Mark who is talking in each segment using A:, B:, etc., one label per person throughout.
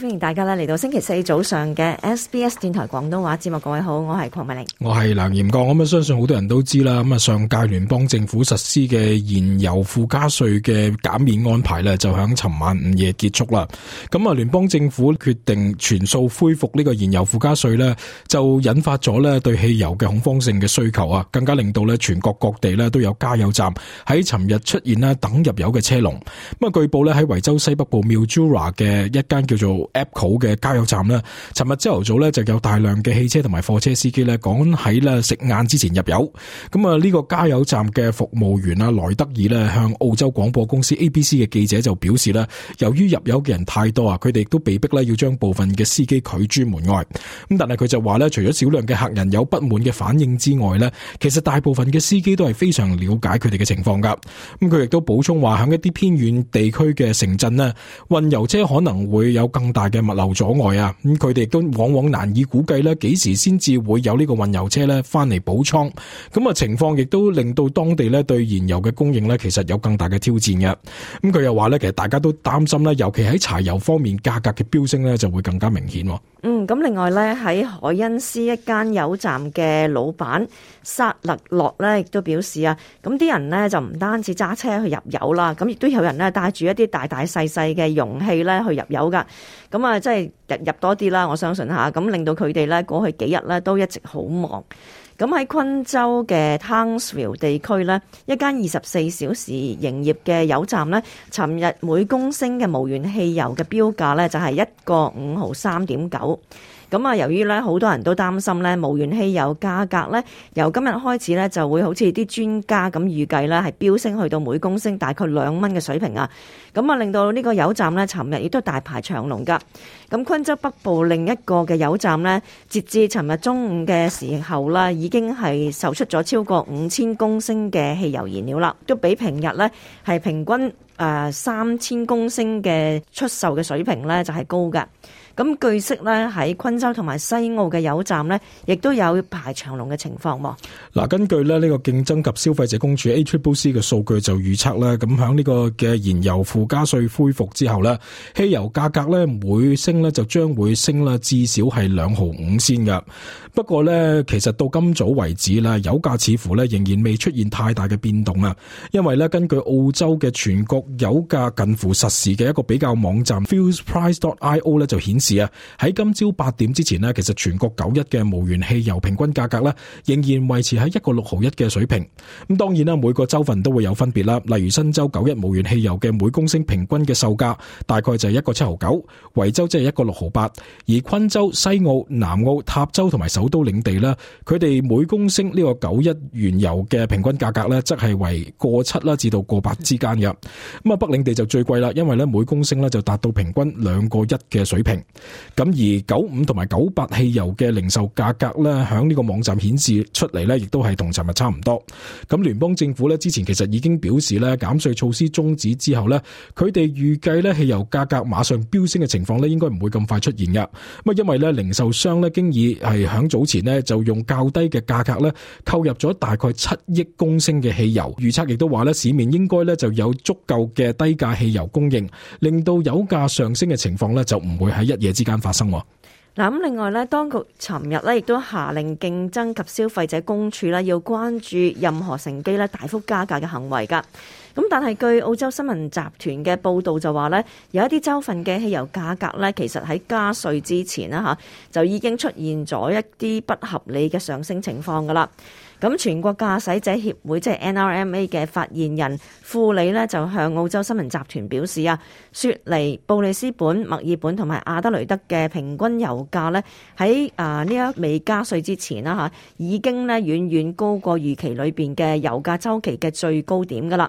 A: 歡迎大家咧嚟，到星期四早上嘅 SBS 電台廣東話節目，各位好，我係鄺文玲，
B: 我係梁炎國。咁啊，相信好多人都知啦。咁啊，上屆聯邦政府實施嘅燃油附加稅嘅減免安排咧，就響尋晚午夜結束啦。咁啊，聯邦政府決定全數恢復呢個燃油附加稅咧，就引發咗咧對汽油嘅恐慌性嘅需求啊，更加令到咧全國各地咧都有加油站喺尋日出現啦等入油嘅車龍。咁啊，據報咧喺維州西北部 Mildura 嘅一間叫做 Apple 嘅加油站咧，尋日朝頭早咧就有大量嘅汽車同埋貨車司機咧，趕喺咧食晏之前入油。咁啊，呢個加油站嘅服務員啊，萊德爾呢，向澳洲廣播公司 ABC 嘅記者就表示咧，由於入油嘅人太多啊，佢哋都被逼咧要將部分嘅司機拒諸門外。咁但係佢就話咧，除咗少量嘅客人有不滿嘅反應之外呢，其實大部分嘅司機都係非常了解佢哋嘅情況噶。咁佢亦都補充話，喺一啲偏遠地區嘅城鎮呢，運油車可能會有更大嘅物流阻礙啊！咁佢哋都往往難以估計咧，幾時先至會有呢個運油車咧翻嚟補倉？咁啊情況亦都令到當地咧對燃油嘅供應咧，其實有更大嘅挑戰嘅。咁佢又話咧，其實大家都擔心咧，尤其喺柴油方面價格嘅飆升咧，就會更加明顯。嗯，
A: 咁另外咧喺海恩斯一間油站嘅老闆薩勒諾咧，亦都表示啊，咁啲人呢就唔單止揸車去入油啦，咁亦都有人呢帶住一啲大大細細嘅容器咧去入油噶。咁啊，即係入，入多啲啦，我相信吓，咁令到佢哋咧過去幾日咧都一直好忙。咁喺昆州嘅 Townsville 地區呢，一間二十四小時營業嘅油站呢，尋日每公升嘅無鉛汽油嘅標價呢，就係一個五毫三點九。咁啊，由於咧好多人都擔心咧，無鉛汽油價格咧，由今日開始咧就會好似啲專家咁預計咧係飆升去到每公升大概兩蚊嘅水平啊！咁啊，令到呢個油站咧，尋日亦都大排長龍㗎。咁昆州北部另一個嘅油站咧，截至尋日中午嘅時候啦，已經係售出咗超過五千公升嘅汽油燃料啦，都比平日咧係平均。誒、呃，三千公升嘅出售嘅水平咧就係、是、高噶。咁據悉咧喺昆州同埋西澳嘅油站咧，亦都有排長龍嘅情況。嗱、
B: 啊，根據咧呢、這個競爭及消費者公署 ACCC 嘅數據就預測咧，咁響呢個嘅燃油附加稅恢復之後呢，汽油價格咧每升咧就將會升啦至少係兩毫五仙嘅。不過咧，其實到今早為止咧，油價似乎咧仍然未出現太大嘅變動啊。因爲咧，根據澳洲嘅全國。有價近乎實時嘅一個比較網站 FuelPrice.io 咧就顯示啊，喺今朝八點之前咧，其實全國九一嘅無鉛汽油平均價格咧仍然維持喺一個六毫一嘅水平。咁當然啦，每個州份都會有分別啦。例如新州九一無鉛汽油嘅每公升平均嘅售價大概就係一個七毫九，維州即係一個六毫八，而昆州、西澳、南澳、塔州同埋首都領地咧，佢哋每公升呢個九一原油嘅平均價格咧，則係為過七啦至到過八之間嘅。咁啊，北領地就最貴啦，因為咧每公升咧就達到平均兩個一嘅水平。咁而九五同埋九八汽油嘅零售價格咧，響呢個網站顯示出嚟咧，亦都係同尋日差唔多。咁聯邦政府咧之前其實已經表示咧，減稅措施終止之後咧，佢哋預計咧汽油價格馬上飆升嘅情況咧，應該唔會咁快出現噶。咁啊，因為咧零售商咧經已係響早前咧就用較低嘅價格咧購入咗大概七億公升嘅汽油，預測亦都話咧市面應該咧就有足夠嘅低價汽油供應，令到油價上升嘅情況呢，就唔會喺一夜之間發生。嗱，
A: 咁另外呢，當局尋日呢亦都下令競爭及消費者公署呢，要關注任何乘機呢大幅加價嘅行為噶。咁但係，據澳洲新聞集團嘅報道就話呢，有一啲州份嘅汽油價格呢，其實喺加稅之前啦嚇就已經出現咗一啲不合理嘅上升情況噶啦。咁全國駕駛者協會即係 NRMA 嘅發言人庫里呢，就向澳洲新聞集團表示啊，雪梨、布里斯本、墨爾本同埋亞德雷德嘅平均油價呢，喺啊呢一未加稅之前啦嚇已經呢遠遠高過預期裏面嘅油價周期嘅最高點噶啦。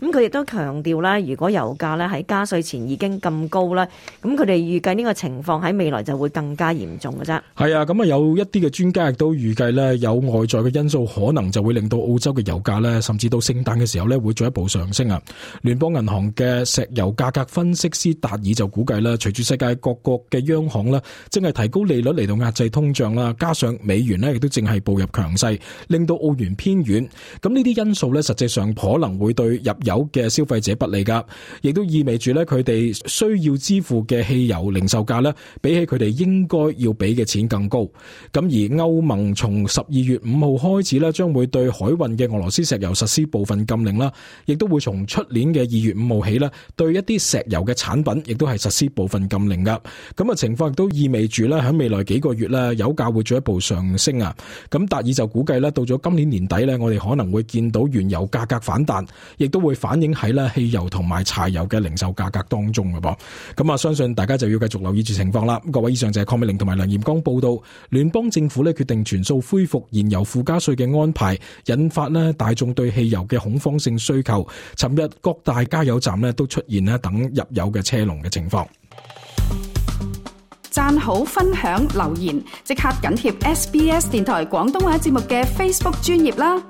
A: 咁佢亦都強調啦，如果油價咧喺加稅前已經咁高啦，咁佢哋預計呢個情況喺未來就會更加嚴重嘅啫。
B: 係啊，咁啊有一啲嘅專家亦都預計呢，有外在嘅因素可能就會令到澳洲嘅油價呢，甚至到聖誕嘅時候呢，會進一步上升啊！聯邦銀行嘅石油價格分析師達爾就估計啦，隨住世界各國嘅央行呢，正係提高利率嚟到壓制通脹啦，加上美元呢亦都正係步入強勢，令到澳元偏軟。咁呢啲因素呢，實際上可能會對入，入有嘅消費者不利噶，亦都意味住咧，佢哋需要支付嘅汽油零售價咧，比起佢哋應該要俾嘅錢更高。咁而歐盟從十二月五號開始咧，將會對海運嘅俄羅斯石油實施部分禁令啦，亦都會從出年嘅二月五號起咧，對一啲石油嘅產品，亦都係實施部分禁令噶。咁啊，情況亦都意味住咧，喺未來幾個月咧，油價會進一步上升啊。咁達爾就估計咧，到咗今年年底咧，我哋可能會見到原油價格反彈，亦都會。反映喺咧汽油同埋柴油嘅零售價格當中嘅噃，咁啊，相信大家就要繼續留意住情況啦。各位，以上就係鄺美玲同埋梁艷光報道，聯邦政府咧決定全數恢復燃油附加稅嘅安排，引發呢大眾對汽油嘅恐慌性需求。尋日各大加油站咧都出現呢等入油嘅車龍嘅情況。
A: 讚好、分享留言，即刻緊貼 SBS 電台廣東話節目嘅 Facebook 專頁啦。